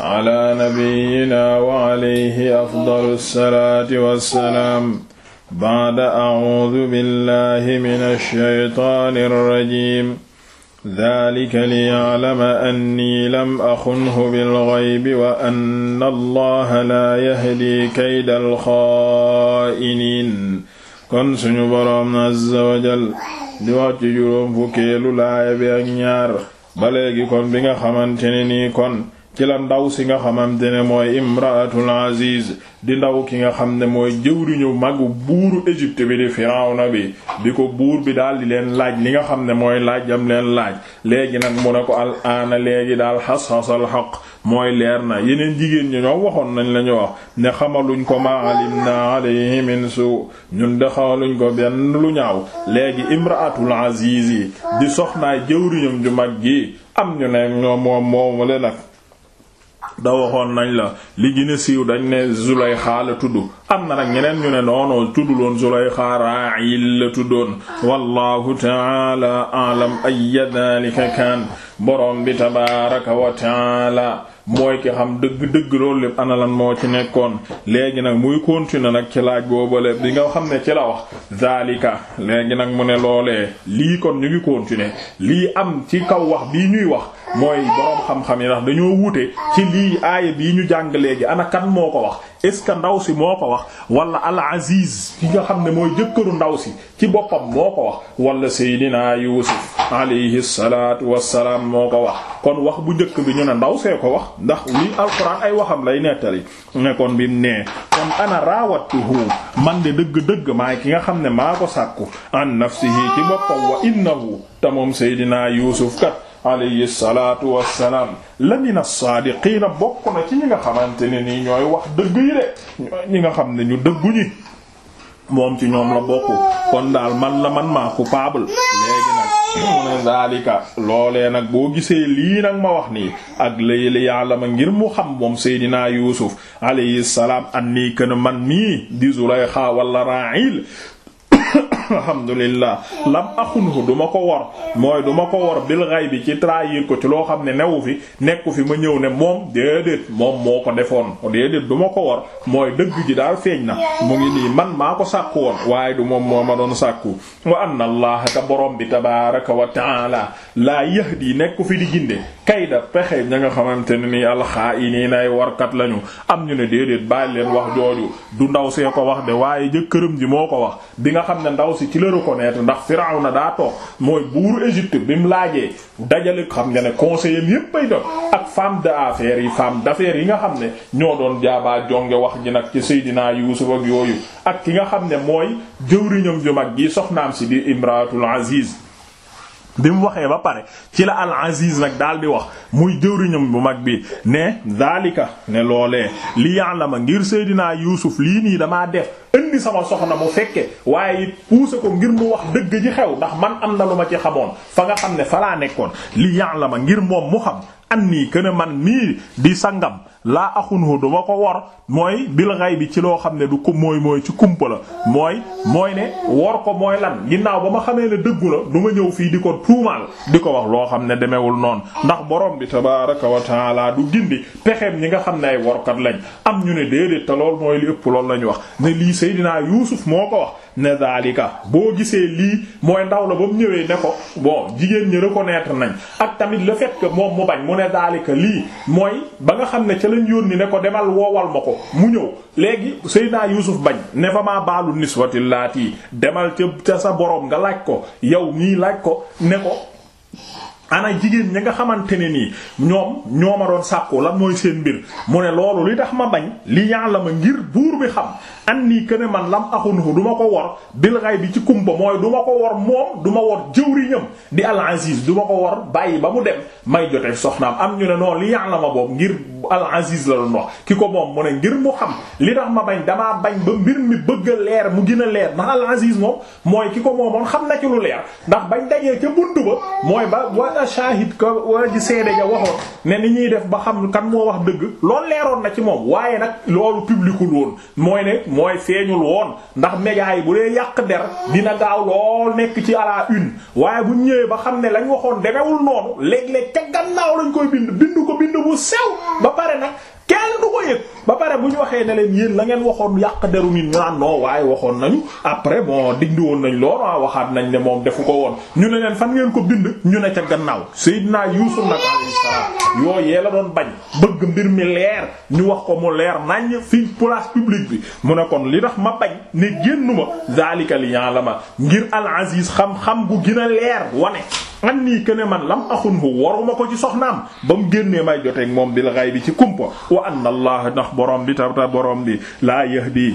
ala nabiyyina wa alayhi afdalu salaati wassalaam ba'da a'uudu billahi mina shaytaani rajiim daalika liya'lama annii lam axunhu bilghaybi wa anna allaha laa yahdi kaydal xaa'iniin kon suñu boroom azza wa jal di wax ci juróom fukkeelu laaya bi ak ñaar ba léegi kon bi nga xamante ne nii kon ci la ndaw si nga xamante ne mooy imraatul aziz di ndaw ki nga xam ne mooy jëwriñu magu buuru Égypte bi di Firawna bi di ko buur bi daal di leen laaj li nga xam ne mooy laaj laajam leen laaj léegi nag mu ne ko al aana léegi daal xas-xasal xaq mooy leer na yeneen jigéen ñi ñoo waxoon nañ la ñu wax ne xamaluñ ko ma alim na alayhi min su ñun de xamaluñ ko benn lu ñaaw léegi imraatul aziz yi di soxnaay jëwriñam ju mag gi am ñu ne ñoom moom moomu nag da nañu la li siiw dañu ne Zulayxa la tuddu am na nag ñeneen ñu ne noonoo tudduloon Zulaykha ra'il la tuddoon wallahu ta'ala a'lam ayya dhalika kaan borom bi tabaaraka wa ta'ala mooy ki xam dëgg-dëgg loolu lépp ana lan moo ci nekkoon léegi nag muy continuer nag ci laaj boobale bi nga xam ne ci la wax zalika léegi nag mu ne loole lii kon ñu ngi continuer lii am ci kaw wax bii ñuy wax mooy boroom xam-xam yi ndax dañoo wuute ci lii aaya bii ñu jàng léegi ana kan moo ko wax est-ce que ndaw si moo ko wax wala al aziz ki nga xam ne mooy jëkkëru ndaw si ci boppam moo ko wax wala seydina yusuf alayhi salatu wassalaam moo ko wax kon wax bu njëkk bi ñu ne ndaw see ko wax ndax lii alquran ay waxam lay nettali ne kon bi mu nee kon ana raawattuhu man de dëgg-dëgg maay ki nga xam ne maa ko sàkku an nafsihi ci boppam wa innahu te moom seydina kat alayhi salaatu wassalaam la min as-saadiqiina bokk na ci ñi nga xamante ne nii ñooy wax dëgg yi de ñi nga xam ne ñu dëggu ñi moom ci ñoom la bokk kon daal man la man maa coupable léegi nag nag boo gisee lii nag ma wax nii ak layli yàlla ma ngir mu xam moom seydinaa Yuusuf alayhi salaam an nii kën man mii di Zulaykha wala Ra'il alhamdulillah lam axunhu du ma ko wor mooy du ma ko wor bil bi ci trahir ko ci loo xam ne newu fi nekku fi ma ñëw ne moom déedéet moom moo ko defoon déedéet du ma ko wor mooy dëgg ji daal feeñ na mu ngi nii man maa ko sàkku woon waaye du moom moo ma doon sàkku wa anna allaha ta borom bi tabaraka wa taala laa yahdi nekku fi di ginde kayda pexe ña nga xamante ne nii alxaa'iniina ay warkat lañu am ñu ne déedéet bàyyi leen wax jooju du ndaw see ko wax de waaye jëkkëram si ci la reconnaître ndax na daa toog mooy buur Égypte bi mu laajee dajale xam nga ne conseillers yépp ay doon ak femme d'affaires yi femme d'affaires yi nga xam ne ñoo doon jaabaa jonge wax ji nag ci Seydina Yuusuf ak yooyu ak ki nga xam ne mooy jëwriñam ju mag gi soxnaam si di Imratul Aziz bi mu waxee ba pare ci la al aziz nag daal di wax muy jëwriñam bu mag bi ne daalika ne loole li yàlla ma ngir seydinaa yuusuf lii nii damaa def indi sama soxna mu fekke waaye it puuse ko ngir mu wax dëgg ci xew ndax man am na lu ma ci xamoon fa nga xam ne falaa nekkoon li ma ngir moom mu xam annii kën a man nii di sangam laa axunhu duma ko wor mooy bil xay bi ci loo xam ne du ko mooy mooy ci kumpa la mooy mooy ne wor ko mooy lan ginnaaw ba ma xamee ne dëggu la du ma ñëw fii di ko tuumaal di ko wax loo xam ne demewul noon ndax borom bi tabaaraka wa taala du gindi pexeem ñi nga xam ne ay workat lañ am ñu ne déedéet te lool mooy li ëpp loolu lañu wax ne lii Seydina Yuusuf moo ko wax ne zalika boo gisee lii mooy ndaw la ba mu ñëwee ne ko bon jigéen ñi reconnaître nañ ak tamit le fait que moom mu bañ mu ne zalika lii mooy ba nga xam ne ca lañ yónni ne ko demal woowal ma ko mu ñëw léegi Seydina Yuusuf bañ ne fa maa baalu niswatil laati demal ca ca sa boroom nga laaj ko yow nii laaj ko ne ko ana jigéen ñi nga xamante ni nii ñoom ñoo ma doon sàkku lan mooy seen mbir mu ne loolu li tax ma bañ li yàlla ma ngir buur bi xam an nii que ne man lam axunhu du ma ko wor bil bi ci kumpa mooy du ma ko wor moom du ma wor jëwriñam di al aziz du ma ko wor bàyyi ba mu dem may jotee soxnaam am ñu ne noonu li yàlla ma boobu ngir al aziz la ko moom mu ne ngir xam li tax ma bañ damaa bañ ba mbir mi bëgg a leer mu gën a leer ndax al mooy ki ko moomoon xam na ci lu leer ndax bañ dajee ca buntu ba mooy ba wala shahid ko wala ji seede ja waxoon ne ni ñuy def ba xam kan moo wax dëgg loolu leeroon na ci moom waaye nag loolu publicul woon mooy ne mooy feeñul woon ndax médias yi bu dee yàq der dina gaaw lool nekk ci à la une waaye bu ñëwee ba xam ne lañ waxoon demewul noonu léeg-léeg ca gannaaw lañ koy bind bind ko bind bu sew ba pare na kenn du ko yëg ba pare bu ñu waxee ne yéen la ngeen waxoon yàq deru nit ñu naan non waaye waxoon nañu après bon dindi woon nañ lool a ah, waxaat nañ ne moom defu ko woon ñu ne leen fan ngeen ko bind ñu ne ca gannaaw Seydina Yuusuf nag alayhi salaam yoo yee la doon bañ bëgg mbir mi leer ñu wax ko mu leer nañ fi place publique bi mu ne kon li tax ma bañ ne génnu ma zaalika li ya'lama ngir al-Aziz xam-xam bu gën a leer wane an nii que la man lam axunhu waruma ko ci soxnaam ba mu génnee may joteeg moom bil ghaybi ci kumpa wa anna borom bi ta borom bi laa bii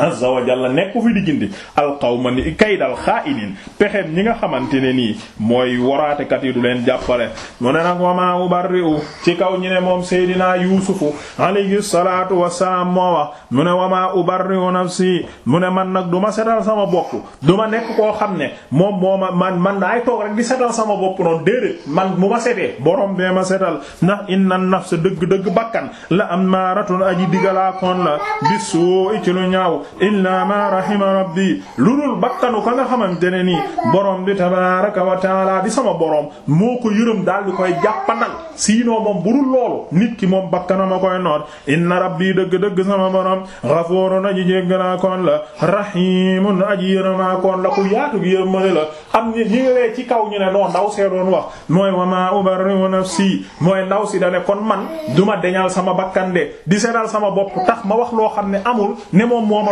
azza wa jalla nekku fi di gindi alqawma ni kaydal xaa'iniin pexeem ñi nga xamante ne nii mooy waraatekat yi du leen jàppale mu ne nag wa maa ubarri'u ci kaw ñi ne moom seydinaa yuusufu alayhi salaatu wassalaam moo wax mu ne wa maa ubarri'u nafsi mu ne man nag du ma setal sama bopp du ma nekk koo xam ne moom moo ma man man daay toog rek di setal sama bopp noonu déedéet man mu ma setee borom bee ma setal ndax inna nafsa dëgg dëgg bakkan la amaaratun aji illaa ma rahima rabbi lu dul bakkanu ka nga xamante ne nii borom bi tabaaraka wa taala di sama borom moo ko yërëm daal di koy jàppanal siinoo moom bu dul loolu nit ki moom bakkanam a koy noot inna rabbi dëgg-dëgg sama borom ghafuurun aji jéggalaakoon la rahiimun aji yërëmaakoon la ku yaatu gi yërëmale la am ñi ñi ngi ci kaw ñu ne noo ndaw see wax mooy wa maa ubarri'u nafsi mooy ndaw si dane kon man duma deñal sama bakkan de di seetal sama bopp loo xam ne amul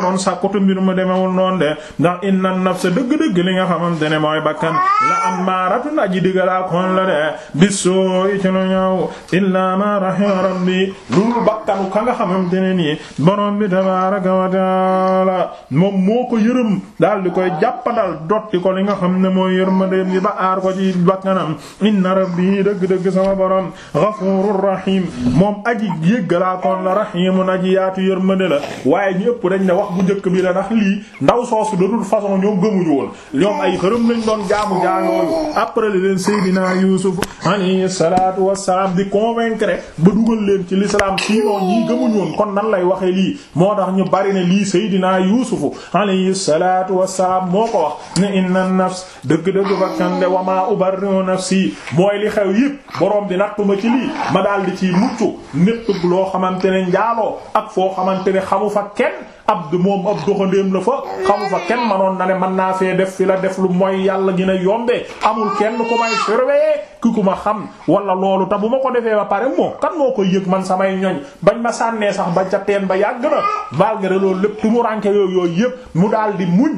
doon sàkkutu mbir mu demewul noonu de ndax inna nafsa dëgg-dëgg li nga xamante ne mooy bakkan la ammaratun aji digalaa koon la de bisoo i ci lu ñëw illaa ma rahima rabbi loolu bakkanu ka nga xamante ne nii borom tabaaraka wa taala moom moo ko yërëm daal di koy jàppandal dotti ko li nga xam ne mooy yërmandeem bi ba aar ko ci bakkanam inna rabbi dëgg-dëgg sama borom ghafurur rahim moom aji yëggalaa koon la rahimun aji yaatu yërmande la waaye ñëpp dañ ne bu njëkk bi la ndax lii ndaw soosu de toute façon ñoom gëmuñu woon ñoom ay xërëm lañ doon jaamu jaanooyu après li leen Seydina Yuusuf alayhi salaatu wassalaam di convaincre ba dugal leen ci l'islam sinon ñii gëmuñu kon nan lay waxee lii moo tax ñu bari ne lii Seydina Yuusufu alayhi salaatu wassalaam moo ko wax ne inna nafs dëgg-dëgg bakkande wa maa ubarri'u nafsi mooy li xew yëpp boroom bi nattuma ci lii ma daal di ci mucc népp loo xamante ne njaaloo ak foo xamante ne xamu fa kenn ab abd moom ab doxandéem la fa xamu fa kenn manoon na ne mën naa fee def fi la def lu mooy yàlla gën a yombee amul kenn ku may surveiller ki ku ma xam wala loolu te bu ma ko defee ba pare moo kan moo ko yëg man samay ñoñ bañ ma sànnee sax ba ca teen ba yàgg na malgré loolu lépp tu mu ranke yooyu yooyu yëpp mu daal di muñ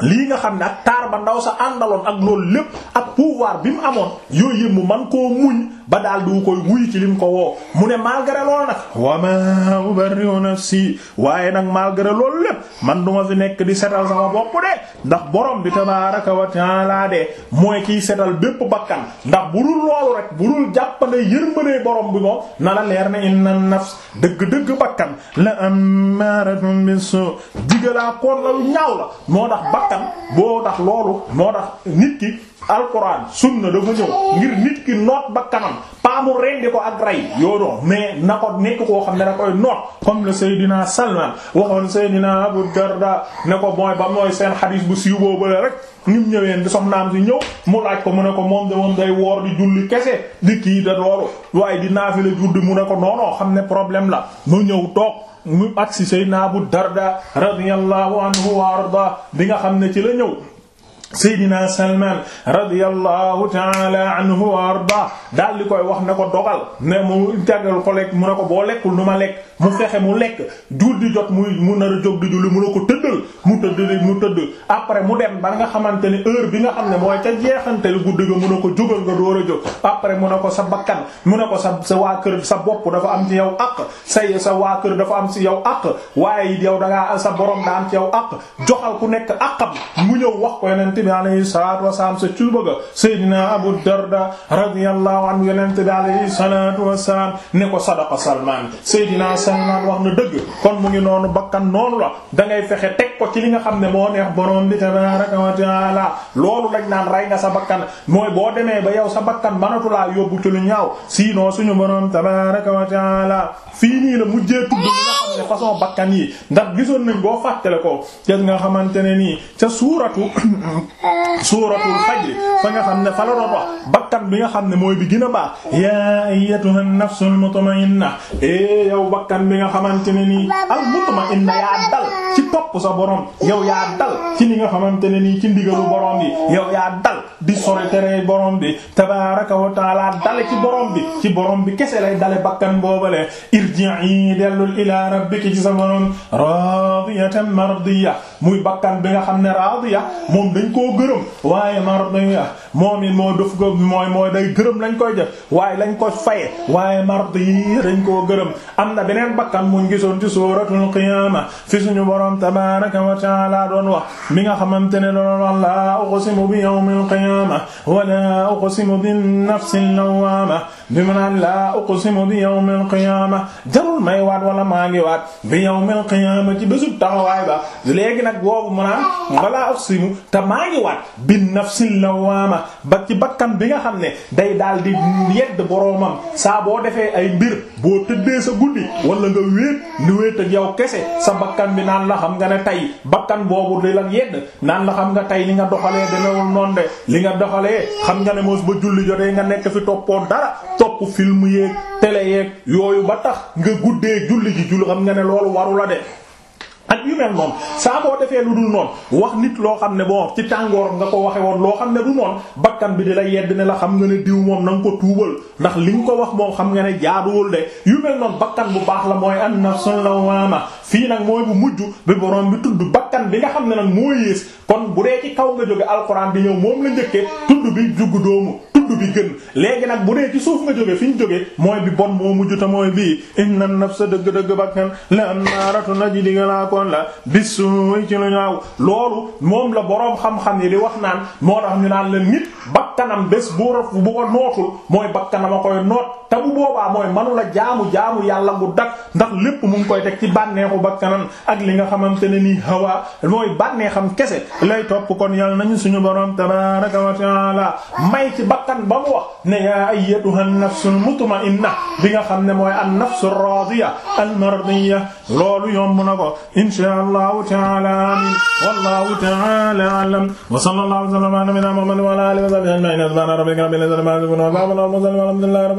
lii nga xam ne ak taar ba ndaw sa àndaloon ak loolu lépp ak pouvoir bi mu amoon yooyu yëpp mu man koo muñ ba daal du koy wuy ci lim ko woo mu ne malgré loolu nag wa ma ubarri'u nafsi waaye nag malgré loolu lépp man duma fi nekk di setal sama bopp de ndax borom bi tabaaraka wa taala de mooy kiy setal bépp bakkan ndax bu dul loolu rek bu dul jàppande yërmande borom bi moom na la leer na inna nafs dëgg-dëgg bakkan la ammaaratun bisu digalaa koon la lu ñaaw la moo tax bakkan boo tax loolu moo tax nit ki alquran sunna dafa ñëw ngir nit ki noot bakkanam pas mu rendi ko ak rey yoo doon mais na ko nekk koo xam ne da koy noot comme le Seydina Salman waxoon Seydina Abu Darda ne ko mooy ba mooy seen xadiis bu siiw boobu la rek ni mu ñëwee di soxnaam si ñëw mu laaj ko mu ne ko moom de moom day woor di julli kese di kii da loolu waaye di naafila juddi mu ne ko noonoo xam ne problème la mu ñëw toog mu agsi Seydina Abu Darda radiyallahu anhu wa arda bi nga xam ne ci la ñëw Seydina Salman radiyallahu taala anhu wa arda daal di koy wax na ko dogal ne mu jagal ko mu ne ko boo lekkul nu ma lekk mu fexe mu lekk jur di jot muy mu nar a jóg di julli mu ne ko tëddal mu tëdd mu tëdd après mu dem ba nga xamante ne heure bi nga xam ne mooy ca jeexantelu guddi ga mu ne ko jógal nga door a jóg après mu ne ko sa bakkan mu ne ko sa sa waa kër sa bopp dafa am ci yow àq say sa waa kër dafa am si yow àq waaye yow da ngaa sa borom da am ci yow àq joxal ku nekk àqam mu ñëw wax ko yonent bi alayhi salaatu wasalaam sa cuuba ga Seydina Abu Darda radiyallahu anhu yonent bi alayhi salaatu wasalaam ne ko sadaqa Salmaan Seydina Salmaan wax na dëgg kon mu ngi noonu bakkan noonu la dangay fexe teg ko ci li nga xam ne moo neex borom bi tabaaraka wa taala loolu lañ naan rey nga sa bakkan mooy boo demee ba yow sa bakkan mënatu laa yóbbu ci lu ñaaw sinon suñu borom tabaaraka wa taala fii nii la mujjee tudd nga xam ne façon bakkan yi ndax gisoon nañ boo ko te nga xamante ne nii ca suuratu suuratul fajr fa nga xam ne fa la doon wax bakkan bi nga xam ne mooy bi gën a baax yaa ayyatuha nafsul mutma'inna ee eh, yow bakkan bi nga xamante ne nii al mutma'inna yaa dal ci topp sa borom yow yaa dal ci ni nga xamante ne nii ci ndigalu borom bi yow yaa dal di sori tere borom bi tabaaraka wa taala dale ci borom bi ci borom bi kese lay dale bakkan boobale irji'i dellul ila rabbiki ci sa borom radiyatan mardiya muy bakkan bi nga xam ne radiya moom dañ koo gërëm waaye mardiya moom it moo def ko mooy mooy day gërëm lañ koy def waaye lañ ko faye waaye mardiya dañ koo gërëm am na beneen bakkan muñ gisoon ci suratul qiyamah boroom tabaaraka wa ta'aala doon wax mi nga xamante ne doon wax laa uqsimu bi yawmil qiyaama wa laa uqsimu bin nafsil lawwaama bi mu naan laa uqsimu bi yawmil qiyaama jarul may waat wala maa ngi waat bi yawmil qiyaama ci bésub taxawaay ba léegi nag boobu mu naan wala uqsimu te maa ngi waat bin nafsil lawwaama ba ci bakkan bi nga xam ne day daal di yedd boroomam saa boo defee ay mbir boo tëddee sa guddi wala nga wéet ni wéet ak kese sa bakkan bi naan la xam nga ne tey bakkan boobu li la yedd naan la xam nga tey li nga doxalee danawul noonu de li nga doxalee xam nga ne moos ba julli jotee nga nekk fi toppoon dara topp film yeeg tele yeeg yooyu ba tax nga guddee julli ji julli xam nga ne loolu waru de ak yu mel noonu saa boo defee lu dul noonu wax nit loo xam ne bon ci tàngoor nga ko waxe woon loo xam ne du noonu bakkan bi di la yedd ne la xam nga ne diw moom na nga ko tuubal ndax li nga ko wax moom xam nga ne jaaduwul de yu mel noonu bakkan bu baax la mooy an nafsul lawwama fii nag mooy bu mujj bi borom bi tudd bakkan bi nga xam ne nag moo yées kon bu dee ci kaw nga jóge alxuraan bi ñëw moom la njëkkee tudd bi juggu doomu dund bi gën léegi nag bu dee ci suuf nga jóge fi ñu jóge mooy bi bon moo mujj ta mooy bii inna nafsa dëgg-dëgg bakkan la ammaaratu naji di nga laa koon la bis ci lu ñaaw loolu la boroom xam-xam yi di wax naan moo tax ñu naan la nit bakkanam bés bu raf bu ko mooy bakkanam a koy noot te bu boobaa mooy manu la jaamu jaamu yàlla bu dak ndax lépp mu ngi koy teg ci bànneexu bakkanam ak li nga xamante ne nii hawa mooy bànneexam kese lay topp kon yàlla nañu suñu boroom tabaaraka wa ta'aala may ci bakkan bakkan ba mu wax ne yaa ayyatuha an-nafsul mutma'inna bi nga xam ne mooy an-nafsur raadiya al-mardiya loolu yomb na ko inshaa Allahu ta'ala amiin wallahu ta'ala a'lam wa sallallahu wa sallama ala nabiyyina Muhammadin wa ala alihi wa sahbihi ajma'in subhana rabbika rabbil izzati amma yasifun wa salamun ala al-mursalin walhamdulillahi